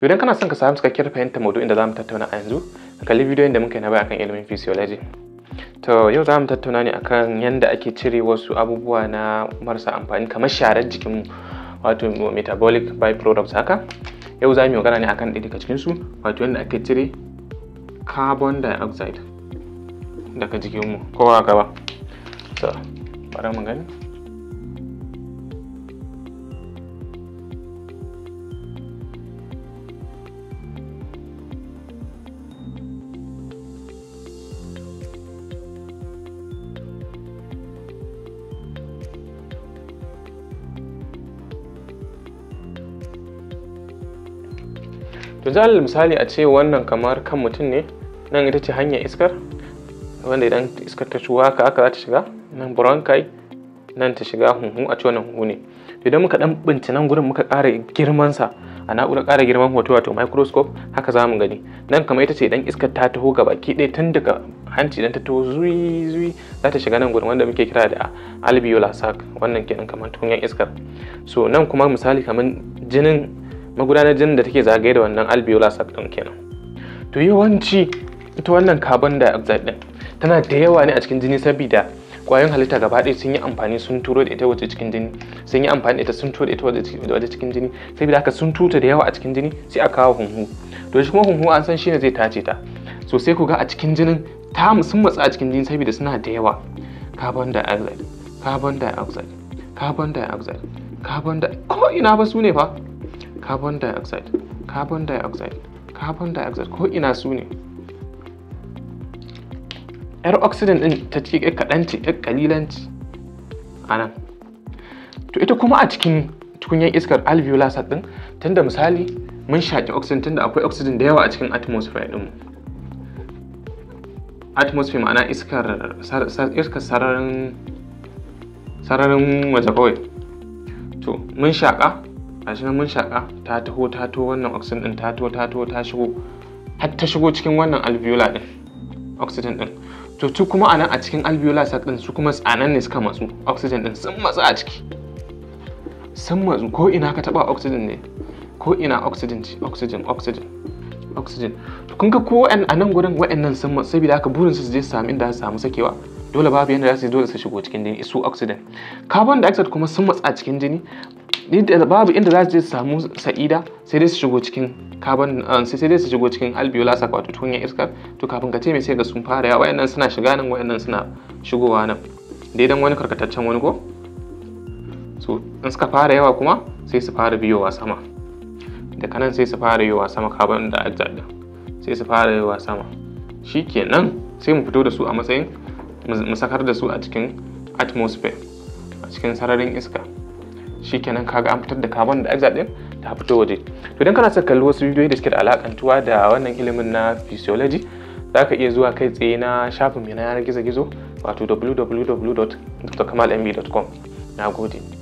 To idan kana son ka samu cikakkiyar fahimtar maudu'in da zamu tattauna a yanzu, ka kalli bidiyon da muka yi na baya akan ilimin physiology. To yau za mu tattauna ne akan yanda ake cire wasu abubuwa na marasa amfani kamar sharar jikin wato metabolic byproducts haka. Yau za mu yi magana ne akan ɗaya daga cikinsu wato yadda ake cire carbon dioxide daga jikinmu kowa gaba. To, bari mu gani. to alal misali a ce wannan kamar kan mutum ne nan ita ce hanyar iskar wanda idan iskar ta shuwa haka aka za ta shiga nan bronchi nan ta shiga hunhu a ce wannan hunhu ne idan muka dan binci nan gurin muka ƙara girman sa a na'urar ƙara girman hoto wato microscope haka za mu gani nan kamar ita ce idan iskar ta taho ga baki ɗaya tun daga hanci idan ta taho zui zui za ta shiga nan gurin wanda muke kira da alveolar sac wannan kenan kamar tukunyar iskar so nan kuma misali kamar jinin magudanar jinin da take zagaye da wannan alveolar sac ɗin kenan to yawanci ita wannan carbon dioxide ɗin tana da yawa ne a cikin jini saboda kwayoyin halitta gaba ɗaya sun yi amfani sun turo da ita waje cikin jini sun yi amfani da ita sun turo da ita waje cikin jini saboda haka sun tuta da yawa a cikin jini sai a kawo hunhu to shi kuma hunhu an san shine zai tace ta so sai ku ga a cikin jinin ta sun matsa a cikin jini saboda suna da yawa carbon dioxide carbon dioxide carbon dioxide carbon dioxide ko ina ba su ne fa carbon dioxide carbon dioxide carbon dioxide ko ina su ne yar oxygen din ta ce kaɗan ce yar kalilan ce a nan to ita kuma a cikin tukunyar iskar alveolar sat din tunda misali mun shaƙi oxygen tunda akwai oxygen da yawa a cikin atmosphere din atmosphere ma'ana iskar iskar sararin sararin waje kawai to mun shaƙa gashi nan mun shaka ta taho ta taho wannan oxygen din ta taho ta taho ta shigo har ta shigo cikin wannan alveolar din oxygen din to tu kuma anan a cikin alveolar sac din su kuma anan ne suka matsu oxygen din sun matsu a ciki sun matsu ko ina ka taba oxygen ne ko ina oxygen ce oxygen oxygen oxygen to kun ga ko a nan gurin waɗannan sun matsu saboda haka burin su je su samu inda su samu sakewa dole babu yadda za su yi dole su shigo cikin jini su oxygen carbon dioxide kuma sun matsa cikin jini babu inda za su je su samu sa'ida sai dai su shigo cikin carbon eh, sai dai su shigo cikin alveolar sac wato iskar to kafin ka ce me sai ga sun fara yawa wayannan suna shiga nan wayannan suna shigowa nan daidan wani karkataccen wani ko so in suka fara yawa kuma sai su fara biyowa sama daga nan sai su fara yowa sama da ajjada sai su fara yowa sama shikenan sai mu fito da su a matsayin mu sakar da su a cikin atmosphere a cikin sararin iska shi shikenan kaga an fitar da carbon dioxide din ta fito waje to idan kana son kalli wasu bidiyoyi da suke da alakantuwa da wannan ilimin na physiology za ka iya zuwa kai tsaye na shafin mai na yanar gizo-gizo wato www.drkamalmb.com na gode